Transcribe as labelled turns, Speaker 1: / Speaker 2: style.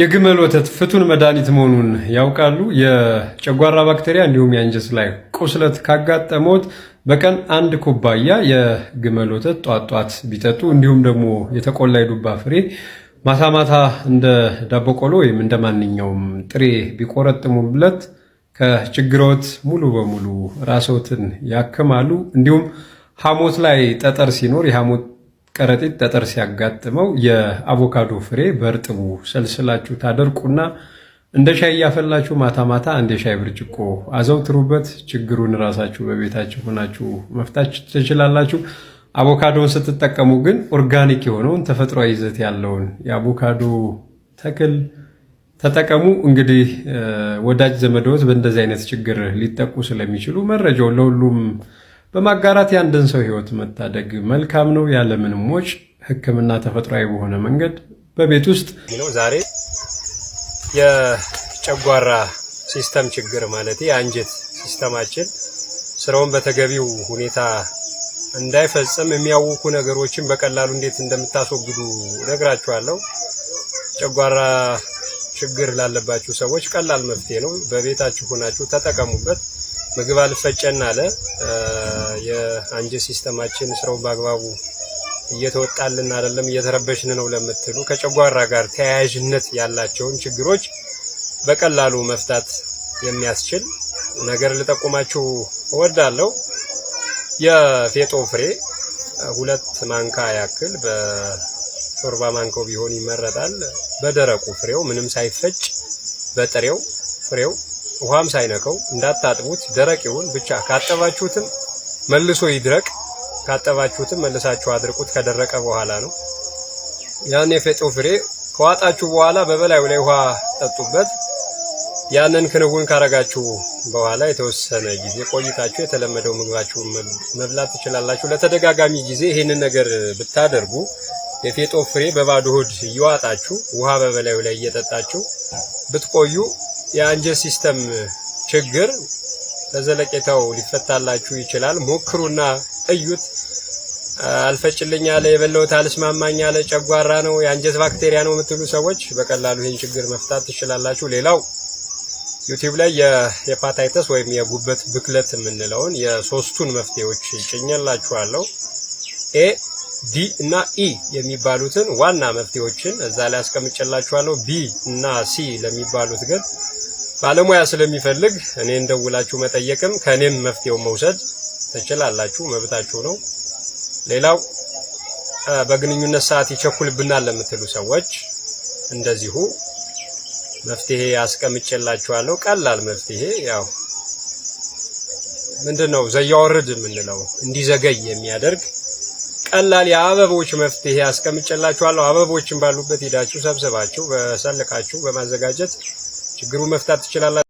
Speaker 1: የግመል ወተት ፍቱን መድኃኒት መሆኑን ያውቃሉ? የጨጓራ ባክቴሪያ እንዲሁም የአንጀት ላይ ቁስለት ካጋጠመዎት በቀን አንድ ኩባያ የግመል ወተት ጧት ጧት ቢጠጡ እንዲሁም ደግሞ የተቆላ የዱባ ፍሬ ማታ ማታ እንደ ዳቦ ቆሎ ወይም እንደ ማንኛውም ጥሬ ቢቆረጥሙለት ከችግሮት ሙሉ በሙሉ ራስዎትን ያክማሉ። እንዲሁም ሐሞት ላይ ጠጠር ሲኖር የሐሞት ከረጢት ጠጠር ሲያጋጥመው የአቮካዶ ፍሬ በእርጥቡ ሰልስላችሁ ታደርቁና እንደ ሻይ እያፈላችሁ ማታ ማታ እንደ ሻይ ብርጭቆ አዘውትሩበት። ችግሩን ራሳችሁ በቤታችሁ ሆናችሁ መፍታት ትችላላችሁ። አቮካዶን ስትጠቀሙ ግን ኦርጋኒክ የሆነውን ተፈጥሯዊ ይዘት ያለውን የአቮካዶ ተክል ተጠቀሙ። እንግዲህ ወዳጅ ዘመዶት በእንደዚህ አይነት ችግር ሊጠቁ ስለሚችሉ መረጃውን ለሁሉም በማጋራት የአንድን ሰው ህይወት መታደግ መልካም ነው ያለምንም ወጪ ህክምና ተፈጥሯዊ በሆነ መንገድ በቤት ውስጥ
Speaker 2: ነው። ዛሬ የጨጓራ ሲስተም ችግር ማለት የአንጀት ሲስተማችን ስራውን በተገቢው ሁኔታ እንዳይፈጽም የሚያውኩ ነገሮችን በቀላሉ እንዴት እንደምታስወግዱ እነግራችኋለሁ። ጨጓራ ችግር ላለባችሁ ሰዎች ቀላል መፍትሄ ነው። በቤታችሁ ሆናችሁ ተጠቀሙበት። ምግብ አልፈጨን አለ። የአንጀ ሲስተማችን ስራውን በአግባቡ እየተወጣልን አይደለም፣ እየተረበሽን ነው ለምትሉ ከጨጓራ ጋር ተያያዥነት ያላቸውን ችግሮች በቀላሉ መፍታት የሚያስችል ነገር ልጠቁማችሁ እወዳለሁ። የፌጦ ፍሬ ሁለት ማንካ ያክል በሾርባ ማንካው ቢሆን ይመረጣል። በደረቁ ፍሬው ምንም ሳይፈጭ በጥሬው ፍሬው ውሃም ሳይነከው እንዳታጥቡት። ደረቅ ይሁን ብቻ። ካጠባችሁትም መልሶ ይድረቅ። ካጠባችሁትም መልሳችሁ አድርቁት። ከደረቀ በኋላ ነው። ያን የፌጦ ፍሬ ከዋጣችሁ በኋላ በበላዩ ላይ ውሃ ጠጡበት። ያንን ክንውን ካረጋችሁ በኋላ የተወሰነ ጊዜ ቆይታችሁ የተለመደው ምግባችሁን መብላት ትችላላችሁ። ለተደጋጋሚ ጊዜ ይህንን ነገር ብታደርጉ የፌጦ ፍሬ በባዶ ሆድ እየዋጣችሁ ውሃ በበላዩ ላይ እየጠጣችሁ ብትቆዩ የአንጀት ሲስተም ችግር በዘለቄታው ሊፈታላችሁ ይችላል። ሞክሩና እዩት። አልፈጭልኝ አለ፣ የበላሁት አልስማማኝ አለ፣ ጨጓራ ነው፣ የአንጀት ባክቴሪያ ነው የምትሉ ሰዎች በቀላሉ ይህን ችግር መፍታት ትችላላችሁ። ሌላው ዩቲዩብ ላይ የሄፓታይተስ ወይም የጉበት ብክለት የምንለውን የሶስቱን መፍትሄዎች ጭኘላችኋለሁ። ኤ፣ ዲ እና ኢ የሚባሉትን ዋና መፍትሄዎችን እዛ ላይ አስቀምጨላችኋለሁ። ቢ እና ሲ ለሚባሉት ግን ባለሙያ ስለሚፈልግ እኔ እንደውላችሁ መጠየቅም ከእኔም መፍትሄው መውሰድ ትችላላችሁ፣ መብታችሁ ነው። ሌላው በግንኙነት ሰዓት ይቸኩልብናል ለምትሉ ሰዎች እንደዚሁ መፍትሄ አስቀምጬላችኋለሁ። ቀላል መፍትሄ ያው ምንድነው ዘያወርድ የምንለው እንዲዘገይ የሚያደርግ ቀላል የአበቦች መፍትሄ አስቀምጬላችኋለሁ። አበቦችን ባሉበት ሂዳችሁ ሰብስባችሁ በሰልቃችሁ በማዘጋጀት ችግሩን መፍታት ትችላላችሁ?